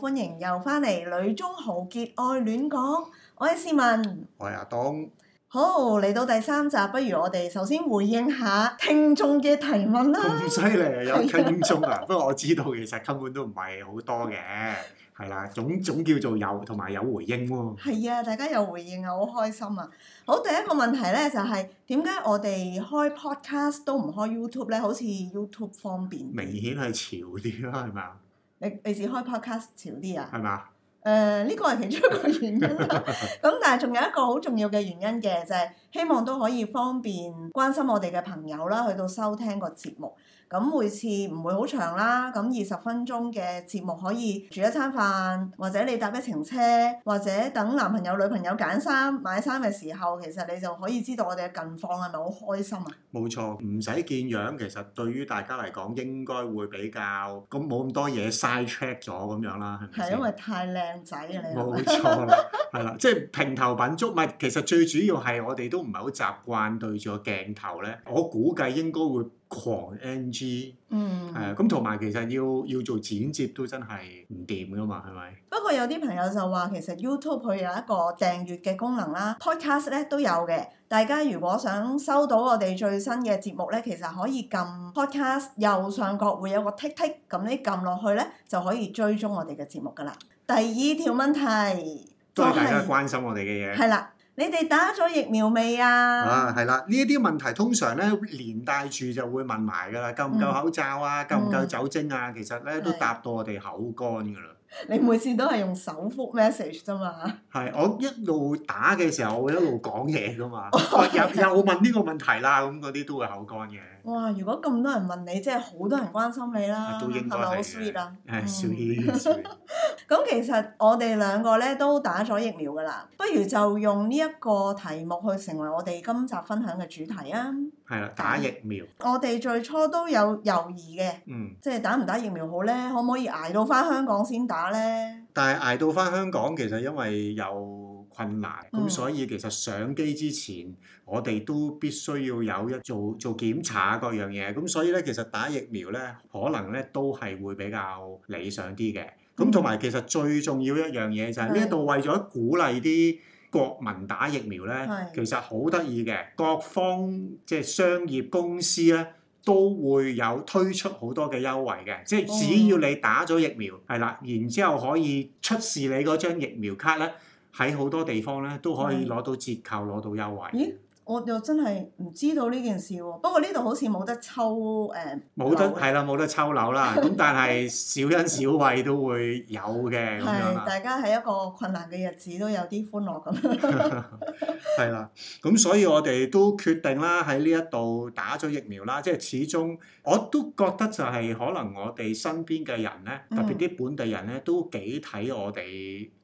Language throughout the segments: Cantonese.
歡迎又翻嚟《女中豪傑愛戀講》，我係斯文，我係阿東。好，嚟到第三集，不如我哋首先回應下聽眾嘅提問啦。咁犀利啊，有聽眾啊！不過 我知道其實根本都唔係好多嘅，係啦、啊，總總叫做有同埋有，有回應喎、啊。係啊，大家有回應啊，好開心啊！好，第一個問題呢，就係點解我哋開 podcast 都唔開 YouTube 呢？好似 YouTube 方便，明顯係潮啲啦，係咪啊？你平時開 podcast 潮啲啊？係咪啊？誒呢個係其中一個原因啦。咁 但係仲有一個好重要嘅原因嘅，就係、是、希望都可以方便關心我哋嘅朋友啦，去到收聽個節目。咁每次唔會好長啦，咁二十分鐘嘅節目可以煮一餐飯，或者你搭一程車，或者等男朋友女朋友揀衫買衫嘅時候，其實你就可以知道我哋嘅近況係咪好開心啊？冇錯，唔使見樣，其實對於大家嚟講應該會比較咁冇咁多嘢曬 check 咗咁樣啦，係咪先？係因為太靚仔啊！你冇錯啦，係啦，即係評頭品足咪？其實最主要係我哋都唔係好習慣對住個鏡頭咧，我估計應該會。狂 NG，係、嗯、啊！咁同埋其實要要做剪接都真係唔掂㗎嘛，係咪？不過有啲朋友就話其實 YouTube 佢有一個訂閱嘅功能啦、嗯、，Podcast 咧都有嘅。大家如果想收到我哋最新嘅節目咧，其實可以撳 Podcast 右上角會有個 tick tick，咁你撳落去咧就可以追蹤我哋嘅節目㗎喇。第二條問題、就係、多謝大家關心我哋嘅嘢，係啦。你哋打咗疫苗未啊？啊，係啦，呢一啲問題通常咧連帶住就會問埋噶啦，夠唔夠口罩啊，嗯、夠唔夠酒精啊，其實咧、嗯、都答到我哋口乾噶啦。你每次都係用手覆 message 啫嘛？係，我一路打嘅時候，我會一路講嘢噶嘛。 啊、有有我問呢個問題啦，咁嗰啲都會口乾嘅。哇！如果咁多人問你，即係好多人關心你啦，係咪好 sweet 啊？係，sweet。咁其實我哋兩個咧都打咗疫苗噶啦，不如就用呢一個題目去成為我哋今集分享嘅主題啊！係啦的，打，打疫苗。我哋最初都有猶豫嘅，嗯，即係打唔打疫苗好咧？可唔可以捱到返香港先打咧？但係捱到返香港，其實因為有。困難咁，嗯、所以其實上機之前，我哋都必須要有一做做檢查啊，各樣嘢。咁所以咧，其實打疫苗咧，可能咧都係會比較理想啲嘅。咁同埋其實最重要一樣嘢就係呢一度為咗鼓勵啲國民打疫苗咧，是其實好得意嘅，各方即係商業公司咧都會有推出好多嘅優惠嘅，即係只要你打咗疫苗，係啦、嗯，然之後可以出示你嗰張疫苗卡咧。喺好多地方咧都可以攞到折扣，攞到優惠。咦！我又真係唔知道呢件事喎、啊。不過呢度好似冇得抽誒，冇、呃、得係啦，冇了得抽樓啦。咁 但係小恩小惠都會有嘅咁是大家喺一個困難嘅日子都有啲歡樂咁。係 啦， 咁所以我哋都決定啦，喺呢一度打咗疫苗啦。即、就、係、是、始終我都覺得就係可能我哋身邊嘅人咧，特別啲本地人咧，都幾睇我哋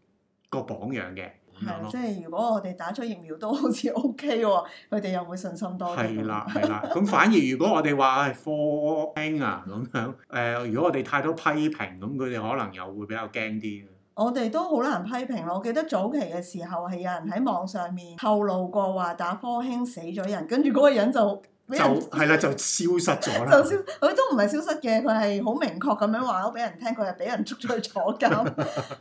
個榜樣嘅，係，即係如果我哋打咗疫苗都好似 OK 喎，佢哋又會信心多啲。係啦，係啦。咁 反而如果我哋話係科興啊咁樣，誒、呃，如果我哋太多批評，咁佢哋可能又會比較驚啲。我哋都好難批評咯。我記得早期嘅時候係有人喺網上面透露過話打科興死咗人，跟住嗰個人就。就係啦，就消失咗啦。 就消，佢都唔係消失嘅，佢係好明確咁樣話俾人聽，佢係俾人捉咗去坐監，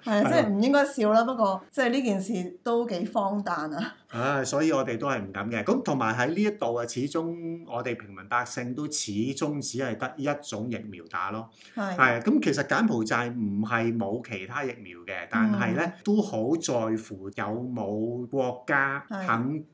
係啊， 即係唔應該笑啦。 不過即係呢件事都幾荒誕啊。唉、啊，所以我哋都係唔敢嘅。咁同埋喺呢一度啊，始終我哋平民百姓都始終只係得一種疫苗打咯。係的。係啊，咁其實柬埔寨唔係冇其他疫苗嘅，但係咧的、嗯、都好在乎有冇國家肯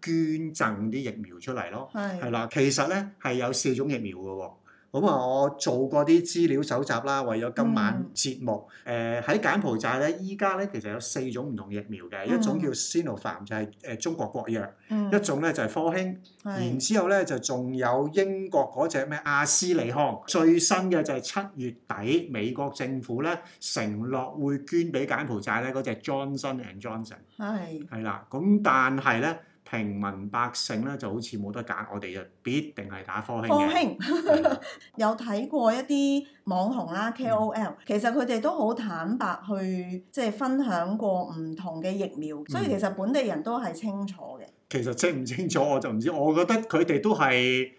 捐贈啲疫苗出嚟咯。係啦，其實。其實咧係有四種疫苗嘅喎、哦，咁啊我做過啲資料搜集啦，為咗今晚節目，誒喺、嗯呃、柬埔寨咧，依家咧其實有四種唔同疫苗嘅，嗯、一種叫 Sinopharm 就係誒中國國藥，嗯、一種咧就係、是、科興，嗯、然之後咧就仲有英國嗰隻咩阿斯利康，最新嘅就係七月底美國政府咧承諾會捐俾柬埔寨咧嗰隻 Johnson and Johnson，係係啦，咁但係咧。平民百姓咧就好似冇得揀，我哋就必定係打科興嘅。科興 有睇過一啲網紅啦、KOL、嗯、其實佢哋都好坦白去即係分享過唔同嘅疫苗，所以其實本地人都係清楚嘅。嗯、其實清唔清楚我就唔知，我覺得佢哋都係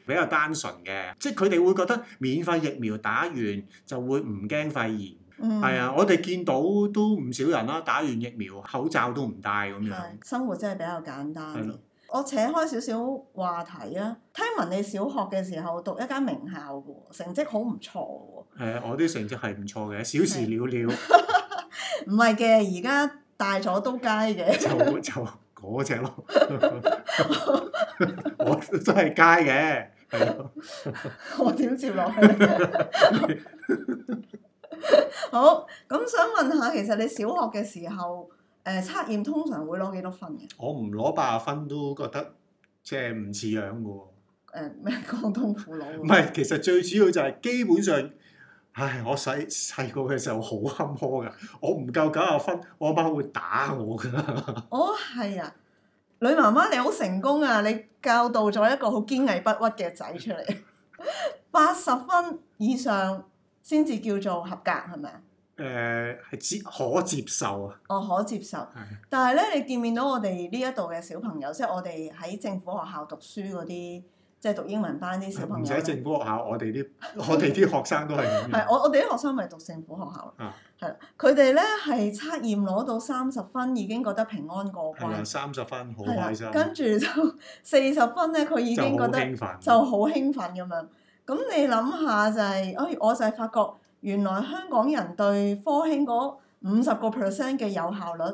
比較單純嘅，即係佢哋會覺得免費疫苗打完就會唔驚肺炎。係啊、嗯，我哋見到都唔少人啦，打完疫苗，口罩都唔戴咁樣。生活真係比較簡單。係咯，我扯開少少話題啊。聽聞你小學嘅時候讀一間名校嘅喎，成績好唔錯嘅喎。我啲成績係唔錯嘅，小時了是的 了， 了。唔係嘅，而家大咗都佳嘅。就就嗰隻咯，我真係佳嘅，係咯。我點接落去？ 好咁，想問下，其實你小學嘅時候，誒、呃、測驗通常會攞幾多分嘅？我唔攞八十分都覺得即係唔似樣嘅喎。咩、呃？江東父老唔係，其實最主要就係基本上，唉，我細細個嘅時候好坎坷噶，我唔夠九十分，我阿媽，媽會打我噶。 哦，係啊，女媽媽你好成功啊！你教導咗一個好堅毅不屈嘅仔出嚟，八 十分以上。先至叫做合格係咪啊？誒係，呃，接可接受啊！哦，可接受。係。但係咧，你見唔見到我哋呢一度嘅小朋友，即係我哋喺政府學校讀書嗰啲，即係讀英文班啲小朋友。唔使政府學校，我哋啲我哋啲學生都係。係， 我我哋啲學生咪讀政府學校。啊。係。佢哋咧係測驗攞到三十分，已經覺得平安過關。三十分好開心。跟住就四十分咧，佢已經覺得就好興奮咁樣。咁你諗下就係、是，哎，我就係發覺原來香港人對科興嗰五十個 percent 嘅有效率，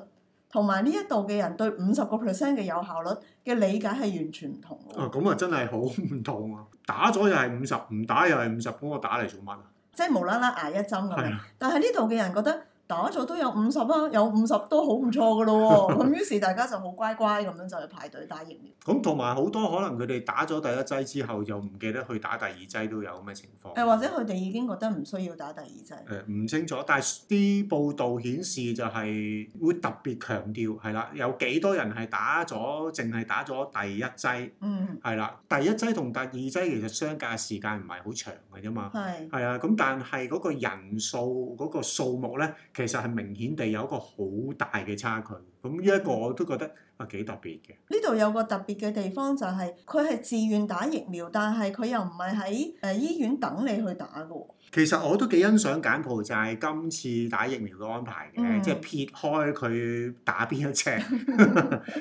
同埋呢一度嘅人對五十個 percent 嘅有效率嘅理解係完全唔同。啊，咁啊真係好唔同啊！打咗又係五十，唔打又係五十，咁我打嚟做乜啊？即係無啦啦挨一針咁樣，的但係呢度嘅人覺得。打咗都有五十啦，有五十都好唔錯嘅咯喎，咁 於是大家就好乖乖咁樣就去排隊打疫苗。咁同埋好多可能佢哋打咗第一劑之後，又唔記得去打第二劑，都有咁嘅情況。誒，或者佢哋已經覺得唔需要打第二劑。誒、呃，唔清楚，但係啲報導顯示就係會特別強調係啦，有幾多人係打咗，淨係打咗第一劑。嗯。係啦，第一劑同第二劑其實相隔時間唔係好長嘅啫嘛。係的。係啊，咁但係嗰個人數嗰、嗰個數目咧。其實係明顯地有一個好大嘅差距，咁呢一個我都覺得啊幾特別嘅。呢度有個特別嘅地方就係佢係自願打疫苗，但係佢又唔係喺誒醫院等你去打嘅。其實我都幾欣賞柬埔寨今次打疫苗嘅安排嘅，嗯、即係撇開佢打邊一隻，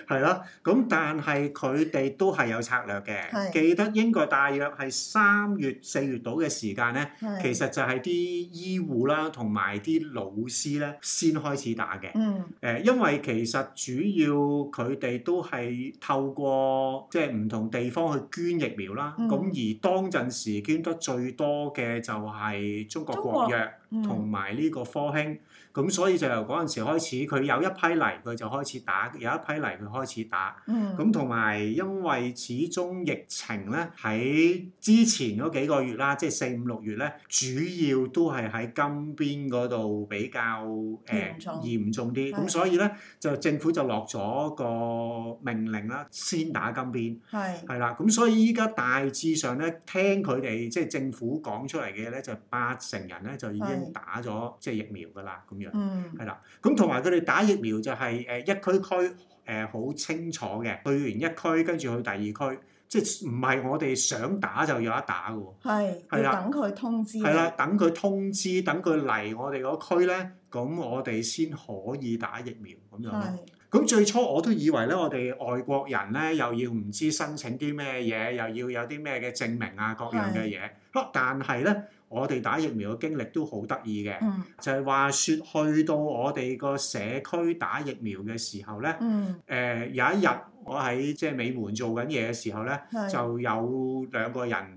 係咯。 咁但係佢哋都係有策略嘅。是記得英國大約係三月四月度嘅時間咧，是其實就係啲醫護啦，同埋啲老師咧先開始打嘅。誒、嗯，因為其實主要佢哋都係透過即係唔同地方去捐疫苗啦。咁、嗯、而當陣時捐得最多嘅就係、是。係中國國藥同埋呢個科興。咁所以就由嗰陣時開始，佢有一批嚟佢就開始打，有一批嚟佢開始打。嗯。咁同埋因為始終疫情咧，喺之前嗰幾個月啦，即係四五六月咧，主要都係喺金邊嗰度比較誒嚴、呃、錯重啲。咁是所以咧，就政府就落咗個命令啦，先打金邊，係係是是啦，咁所以依家大致上咧，聽佢哋即係政府講出嚟嘅咧，就八成人咧就已經打咗即係疫苗㗎啦，咁樣是。是嗯，係啦，咁同埋佢哋打疫苗就係、是、誒一區區誒好、呃、清楚嘅，去完一區跟住去第二區，即係唔係我哋想打就有得打嘅喎？係是，的要等佢通知。係啦，等佢通知，等佢嚟我哋嗰區咧，咁我哋先可以打疫苗咁樣咁是最初我都以為咧，我哋外國人咧又要唔知申請啲咩嘢，又要有啲咩嘅證明啊，各樣嘅嘢。是但係咧。我哋打疫苗嘅經歷都好得意嘅，嗯、就係話說去到我哋個社區打疫苗嘅時候咧，誒、嗯呃、有一日我喺即係美門做緊嘢嘅時候咧，嗯、就有兩個人。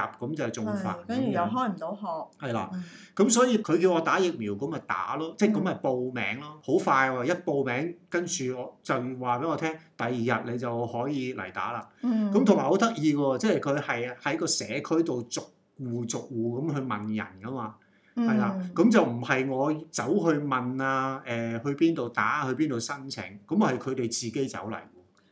咁就仲煩，跟住又開唔到學。係啦、嗯，咁所以佢叫我打疫苗，咁咪打咯，即係咁咪報名咯。好快喎、啊，一報名跟住我就話俾我聽，第二日你就可以嚟打啦。咁同埋好得意喎，即係佢係喺個社區度逐戶逐戶咁去問人噶嘛，係啦。咁就唔係我走去問啊，誒、呃、去邊度打，去邊度申請，咁係佢哋自己走嚟。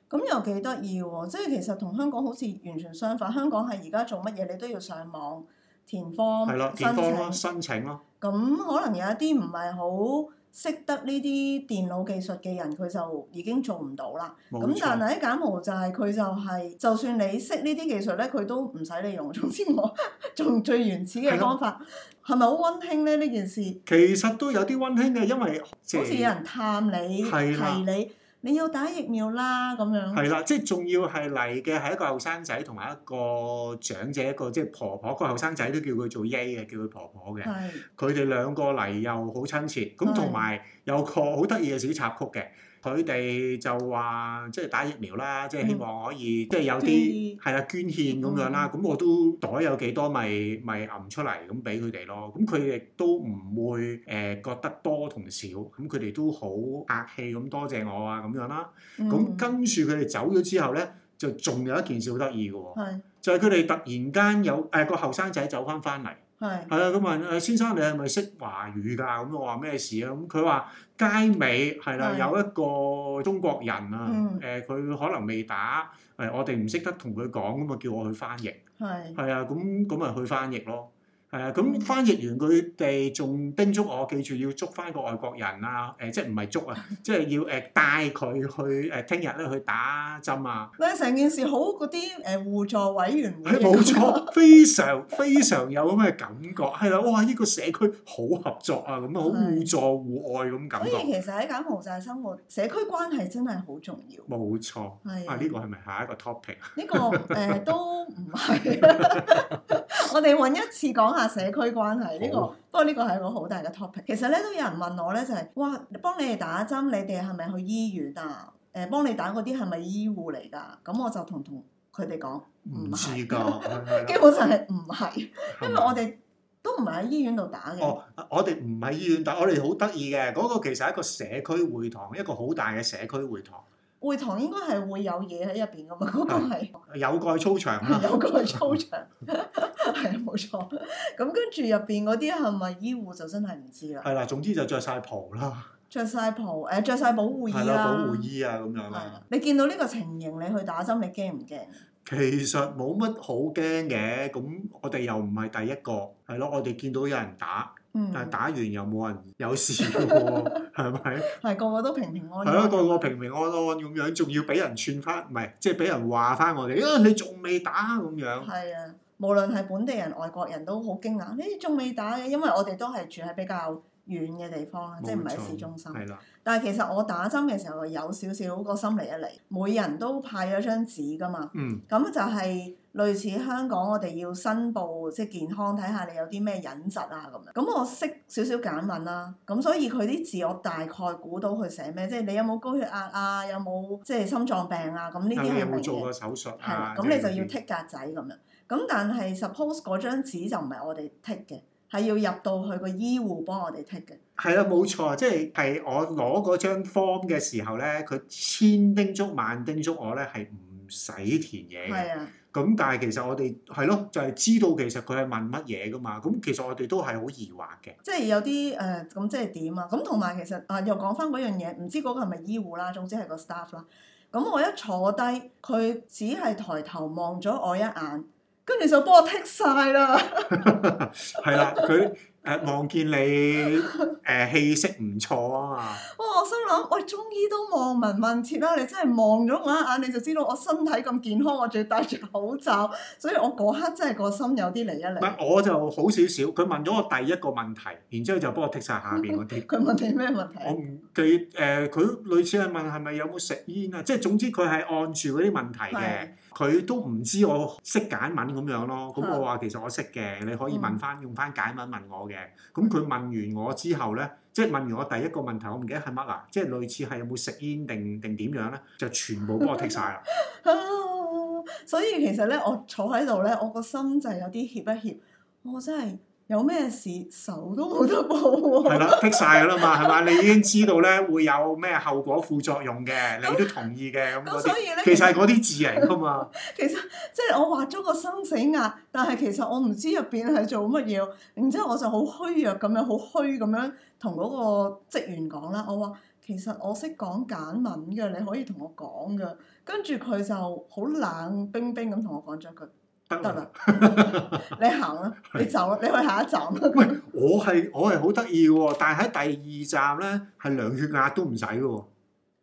咁又幾得意喎！即係其實同香港好似完全相反，香港係而家做乜嘢你都要上網填方申請，申請咯。咁可能有一啲唔係好識得呢啲電腦技術嘅人，佢就已經做唔到啦。咁但係喺柬埔寨，佢就係就算你識呢啲技術咧，佢都唔使你用。總之我仲最原始嘅方法，係咪好溫馨咧？呢件事其實都有啲溫馨嘅，因為好似有人探你、提你。你要打疫苗啦，咁樣。係啦，即係仲要係嚟嘅係一個後生仔同埋一個長者一個，即係婆婆，個後生仔都叫佢做爺嘅，叫佢婆婆嘅。佢哋兩個嚟又好親切，咁同埋有個好得意嘅小插曲嘅。佢哋就話即係打疫苗啦，即係希望可以、嗯、即係有啲係啦捐獻咁樣啦，咁、嗯、我都袋有幾多咪咪揞出嚟咁俾佢哋咯。咁佢哋都唔會誒覺得多同少，咁佢哋都好客氣咁多謝我啊咁樣啦。咁跟住佢哋走咗之後咧，就仲有一件事好得意嘅喎，嗯、就係佢哋突然間有誒、哎、個後生仔走翻翻嚟。係，係咁問誒，先生，你係咪識華語㗎？咁我話咩事啊？咁佢話街尾係啦，的有一個中國人啊。誒、嗯，佢、呃、可能未打，誒、呃、我哋唔識得同佢講，咁啊叫我去翻譯。係的。係啊，咁咁咪去翻譯咯。係啊，咁、嗯嗯、翻譯完佢哋仲叮囑我記住要捉翻個外國人啊！誒、呃，即係唔係捉啊？即係要誒帶佢去誒，聽日咧去打針啊！喂，成件事好嗰啲誒互助委員會，冇、哎、錯，非常非常有咁嘅感覺，係啦！ 哇，呢、呢個社區好合作啊，咁啊好互助互愛咁感覺。所以其實喺柬埔寨生活，社區關係真係好重要。冇錯，的啊，呢個係咪下一個 topic？呢、 呢個誒、呃、都唔係， 我哋揾一次講下。社區關係呢好、呢個，不過呢個係一個好大嘅 topic。其實咧都有人問我咧就係、是，哇，幫你哋打針，你哋係咪去醫院啊？誒，幫你打嗰啲係咪醫護嚟噶？咁、嗯、我就同同佢哋講，唔係噶， 基本上係唔係，的因為我哋都唔係喺醫院度打嘅。哦，我哋唔係醫院打，我哋好得意嘅，嗰、嗰個其實係一個社區會堂，一個好大嘅社區會堂。會堂應該係會有嘢喺入邊㗎嘛，嗰個係有個係操場啦，有個係操場，係啊冇錯。咁跟住入邊嗰啲係咪醫護就真係唔知啦。係啦，總之就着晒袍啦，着晒袍，誒著曬保護衣啦，保護衣啊咁樣啊。你見到呢個情形，你去打針你驚唔驚？其實冇乜好驚嘅，咁我哋又唔係第一個，係咯，我哋見到有人打。但打完又冇人有事喎、哦，係咪？ 係個個都平平安安，安、啊。係咯，個個平平安安咁、哎、樣，仲要俾人串翻，唔係即係俾人話翻我哋，啊你仲未打咁樣？係啊，無論係本地人、外國人都好驚訝，誒仲未打嘅，因為我哋都係住喺比較遠嘅地方錯即係唔喺市中心。係啦、啊。但係其實我打針嘅時候有少少個心嚟一嚟，每人都派咗張紙㗎嘛。嗯。咁就係、是。類似香港，我哋要申報即係健康，睇下你有啲咩隱疾啊咁樣。咁我識少少柬文啦，咁所以佢啲字我大概估到佢寫咩，即係你有冇高血壓啊，有冇即係心臟病啊？咁呢啲有冇做過手術。係，咁你就要剔格仔咁樣。咁但係 suppose 嗰張紙就唔係我哋剔嘅，係要入到去個醫護幫我哋剔嘅。係啦，冇錯，即係係我攞嗰張 form 嘅時候咧，佢千叮囑萬叮囑我咧係唔使填嘢嘅。咁但係其實我哋係咯，就係知道其實佢係問乜嘢噶嘛。咁其實我哋都係好疑惑嘅。即係有啲誒，咁即係點啊？咁同埋其實啊，又講翻嗰樣嘢，唔知嗰個係咪醫護啦，總之係個 staff 啦。咁我一坐低，佢只係抬頭望咗我一眼，跟住就幫我剔晒啦。係啦，佢。誒望、呃、見你誒氣色唔錯啊嘛！哇、 哦！我心諗，喂，中醫都望聞問切啦，你真係望咗我一眼你就知道我身體咁健康，我仲要戴住口罩，所以我嗰刻真係個心有啲嚟一嚟。唔係、嗯、我就好少少，佢問咗我第一個問題，然之後就幫我剔晒下邊嗰啲。佢問你咩問題？嗯嗯、問問題我唔記得誒，佢、呃、類似係問係咪有冇食煙啊？即係總之佢係按住嗰啲問題嘅。佢都唔知我識柬文咁樣咯，咁、嗯、我話其實我識嘅，你可以問翻用翻柬文問我嘅。咁、嗯、佢問完我之後咧，即係問完我第一個問題，我唔記得係乜啊，即係類似係有冇食煙定定點樣咧，就全部幫我剔晒啦。所以其實咧，我坐喺度咧，我個心就係有啲怯一怯，我真係。有咩事，手都冇得抱喎、啊。係啦，剔曬啦嘛，係嘛？你已經知道咧會有咩後果副作用嘅。 你都同意嘅咁嗰啲。其實係嗰啲字嚟噶嘛。其實即係我畫咗個生死押，但係其實我唔知入邊係做乜嘢，然之後我就好虛弱咁樣，好虛咁樣同嗰個職員講啦。我話其實我識講柬文嘅，你可以同我講噶。跟住佢就好冷冰冰咁同我講咗一句。得啦，行 你行啦、啊，你走、啊，你去下一站、啊。喂，我係我係好得意喎，但係喺第二站咧，係量血壓都唔使嘅喎。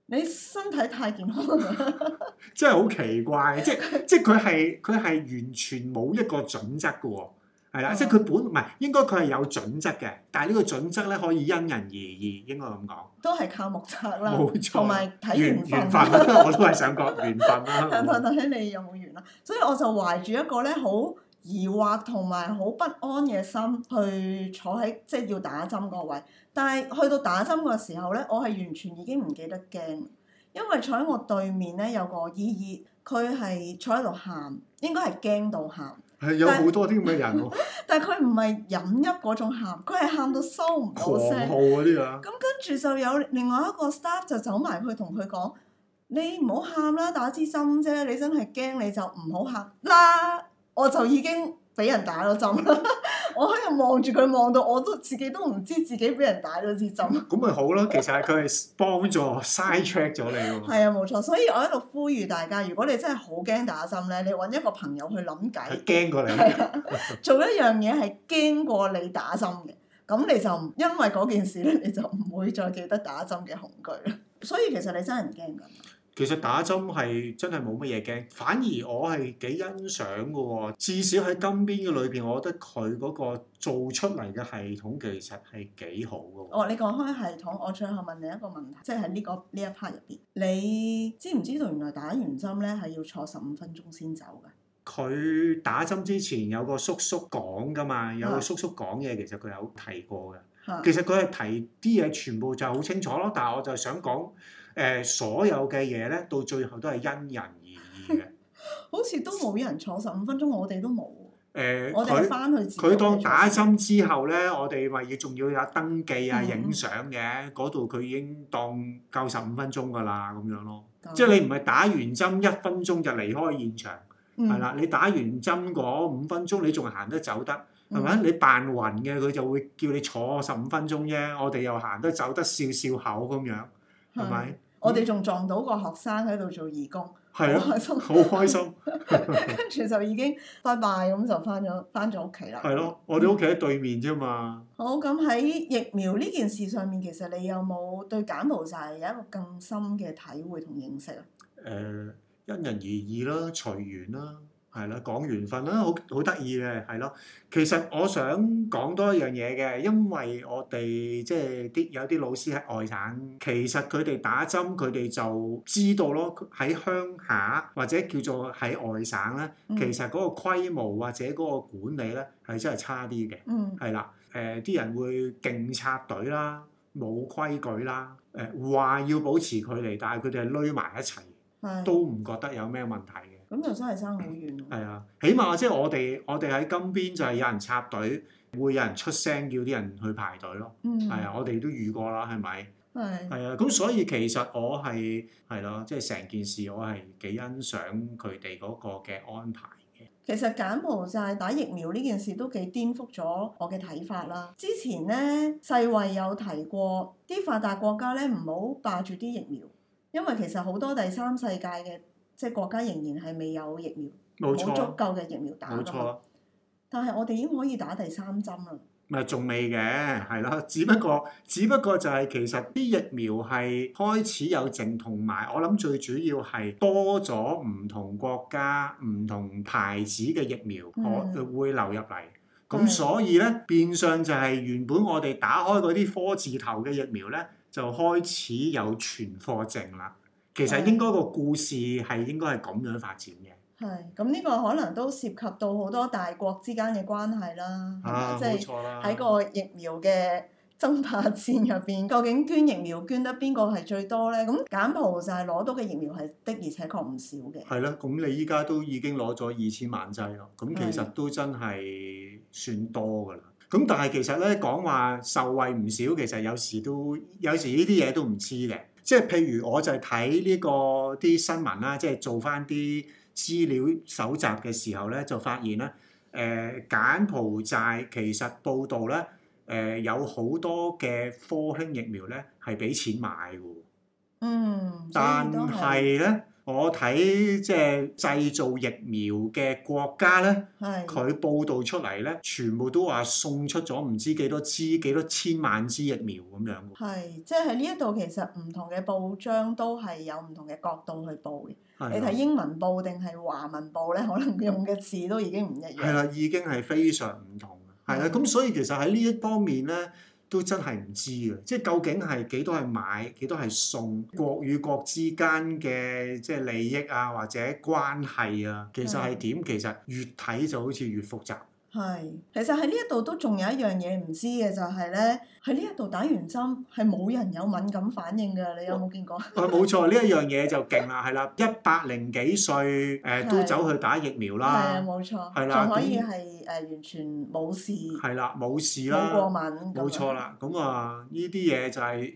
你身體太健康喇， 真係好奇怪，即係即係佢係佢係完全冇一個準則嘅喎、哦。係啦，即係佢本唔係，應該佢係有準則嘅，但係呢個準則咧可以因人而異，應該咁講。都係靠目測啦，冇錯錯，同埋睇緣分。緣分 我都係想講緣分啦。等等 你有冇緣啊？ 所以我就懷住一個咧好疑惑同埋好不安嘅心去坐喺即係要打針個位，但係去到打針個時候咧，我係完全已經唔記得驚，因為坐喺我對面咧有個姨姨，佢係坐喺度喊，應該係驚到喊。係、哎、有好多啲咁嘅人喎， 但係佢唔係飲泣嗰種喊，佢係喊到收唔到聲。狂號嗰啲啊！咁跟住就有另外一個 staff 就走埋去同佢講， 你唔好喊啦，打支針啫，你真係驚你就唔好喊啦，我就已經俾人打咗針啦。 我喺度望住佢，望到我都自己都唔知自己俾人打咗支針。咁咪好咯，其實係佢係幫助 side track 咗你喎。係啊，冇錯，所以我喺度呼籲大家，如果你真係好驚打針咧，你揾一個朋友去諗計。佢驚 過你。 做一樣嘢係驚過你打針嘅，咁你就因為嗰件事咧，你就唔會再記得打針嘅恐懼啦。所以其實你真係唔驚㗎。其實打針係真係冇乜嘢驚，反而我係幾欣賞㗎喎。至少喺金邊嘅裏邊，我覺得佢嗰個做出嚟嘅系統其實係幾好㗎。哦，你講開系統，我最後問你一個問題，即係喺呢個呢一 part 入邊，你知唔知道原來打完針咧係要坐十五分鐘先走㗎？佢打針之前有個叔叔講㗎嘛，有個叔叔講嘢，其實佢有提過嘅。的其實佢係提啲嘢，全部就好清楚咯。但係我就想講。誒、呃、所有嘅嘢咧，到最後都係因人而異嘅。 好似都冇人坐十五分鐘，我哋都冇。誒、呃，我哋翻去佢當打針之後咧，我哋咪要仲要有登記啊、影相嘅嗰度，佢、嗯、已經當夠十五分鐘㗎啦，咁樣咯。 即係你唔係打完針一分鐘就離開現場係、嗯、啦。你打完針嗰五分鐘，你仲行得走得係咪？嗯、你扮暈嘅，佢就會叫你坐十五分鐘啫。我哋又行得走得笑笑口咁樣係咪？ 我哋仲撞到個學生喺度做義工，係啊的，開心，好 開心。跟 住就已經拜拜，e 咁就翻咗，翻咗屋企啦。係咯，我哋屋企喺對面啫嘛 。好，咁喺疫苗呢件事上面，其實你有冇對柬埔寨有一個更深嘅體會同認識啊？誒、呃，因人而異啦，隨緣啦。係啦，講緣分啦，好好得意嘅，係咯。其實我想講多一樣嘢嘅，因為我哋即係啲有啲老師喺外省，其實佢哋打針佢哋就知道咯。喺鄉下或者叫做喺外省咧，其實嗰個規模或者嗰個管理咧係真係差啲嘅。嗯，係、呃、啦，誒啲人會勁插隊啦，冇規矩啦，誒、呃、話要保持距離，但係佢哋係匿埋一齊，都唔覺得有咩問題嘅。咁就真係差好遠喎！係啊，起碼即係我哋我哋喺金邊就係有人插隊，會有人出聲叫啲人去排隊咯。係、嗯、啊，我哋都遇過啦，係咪？係是。係啊，咁所以其實我係係咯，即係成件事我係幾欣賞佢哋嗰個嘅安排嘅。其實柬埔寨打疫苗呢件事都幾顛覆咗我嘅睇法啦。之前咧，世衛有提過啲發達國家咧唔好霸住啲疫苗，因為其實好多第三世界嘅，即係國家仍然係未有疫苗，冇錯足夠嘅疫苗打冇咯。錯但係我哋已經可以打第三針啦。咪仲未嘅，係啦，只不過只不過就係其實啲疫苗係開始有剩，同埋我諗最主要係多咗唔同國家、唔同牌子嘅疫苗，我、嗯、會流入嚟。咁、嗯、所以咧，變相就係原本我哋打開嗰啲科字頭嘅疫苗咧，就開始有存貨剩啦。其實應該個故事係應該係咁樣發展嘅。係，咁呢個可能都涉及到好多大國之間嘅關係啦，啊、即係冇錯啦，喺個疫苗嘅爭霸戰入邊，究竟捐疫苗捐得邊個係最多咧？咁柬埔寨攞到嘅疫苗係的，的，而且確唔少嘅。係咯，咁你依家都已經攞咗二千萬劑咯，咁其實都真係算多㗎啦。咁的但係其實咧講話受惠唔少，其實有時都有時呢啲嘢都唔知嘅。即係譬如我就睇呢個啲新聞啦，即係做翻啲資料搜集嘅時候咧，就發現咧，誒柬埔寨其實報道咧，誒、呃、有好多嘅科興疫苗咧係俾錢買嘅。嗯，但係咧。我睇即係製造疫苗嘅國家咧，佢是的 報道出嚟咧，全部都話送出咗唔知幾多支、幾多千萬支疫苗咁樣。係，即係喺呢一度其實唔同嘅報章都係有唔同嘅角度去報嘅。是的 你睇英文報定係華文報咧，可能用嘅字都已經唔一樣。係啦，已經係非常唔同。係啦，咁、嗯、所以其實喺呢一方面咧。都真係唔知啊！即係究竟係幾多係買，幾多係送？國與國之間嘅即係利益啊，或者關係啊，其實係點？係，其實越睇就好似越複雜。係，其實喺呢一度都仲有一樣嘢唔知嘅，就係咧。喺呢一度打完針，係冇人有敏感反應㗎。你有冇見過？哦，冇錯，呢一樣嘢就勁啦，係啦，一百零幾歲，誒都走去打疫苗啦，係啊，冇錯，係啦，仲可以係誒完全冇事，係啦，冇事啦，冇過敏，冇錯啦，咁啊，呢啲嘢就係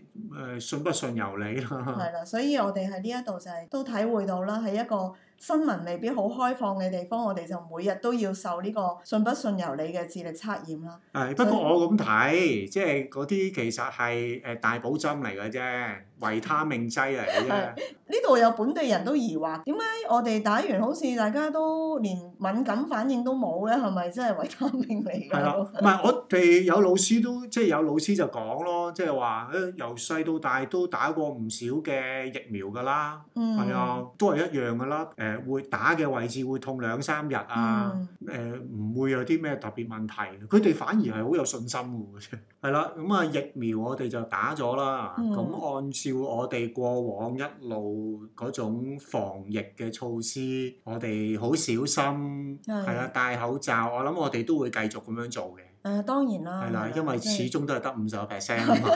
誒信不信由你啦。係啦，所以我哋喺呢一度就係都體會到啦，喺一個新聞未必好開放嘅地方，我哋就每日都要受呢個信不信由你嘅智力測驗啦。係，不過我咁睇，即係。嗰啲其實係誒大補針嚟嘅啫。維他命劑嚟嘅，呢度有本地人都疑惑，點解我哋打完好似大家都連敏感反應都冇咧？係咪真係維他命嚟嘅？係啦，唔係我哋有老師 Lebanon、yeah. 嗯嗯、都即係有老師就講咯，即係話誒由細到大都打過唔少嘅疫苗㗎啦，係啊，都係一樣㗎啦。誒會打嘅位置會痛兩三日，嗯、啊，誒唔會有啲咩特別問題。佢哋反而係好有信心㗎喎，真係。係啦，咁啊疫苗我哋就打咗啦，咁按照，要我哋過往一路嗰種防疫嘅措施，我哋好小心，係啦，戴口罩。我諗我哋都會繼續咁樣做嘅。誒，當然啦，係啦，因為始終都係得五十個 percent 啊嘛，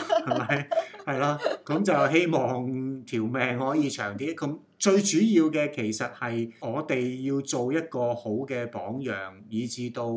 係咪？係啦，咁就希望條命可以長啲。咁最主要嘅其實係我哋要做一個好嘅榜樣，以至到誒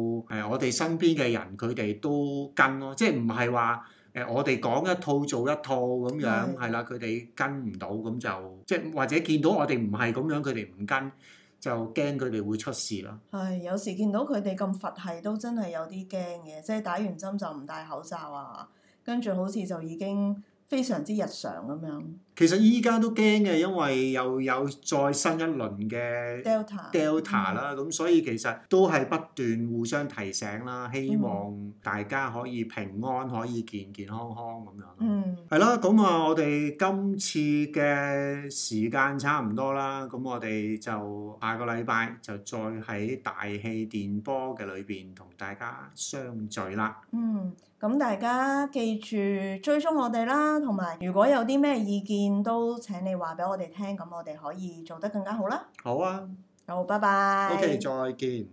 我哋身邊嘅人佢哋都跟咯，即係唔係話？我哋講一套做一套咁樣，係啦的，佢哋跟唔到，咁就即係或者見到我哋唔係咁樣，佢哋唔跟，就驚佢哋會出事囉。係，有時見到佢哋咁佛系，都真係有啲驚嘅，即係打完針就唔戴口罩啊，跟住好似就已經。非常之日常咁樣。其實依家都驚嘅，因為又有再新一輪嘅 del Delta Delta、嗯、啦，咁所以其實都係不斷互相提醒啦，希望大家可以平安，可以健健康康咁樣。嗯，係啦，咁啊，我哋今次嘅時間差唔多啦，咁我哋就下個禮拜就再喺大氣電波嘅裏邊同大家相聚啦。嗯。咁大家記住追蹤我哋啦，同埋如果有啲咩意見都請你話俾我哋聽，咁我哋可以做得更加好啦。好啊，好，拜拜。OK，再見。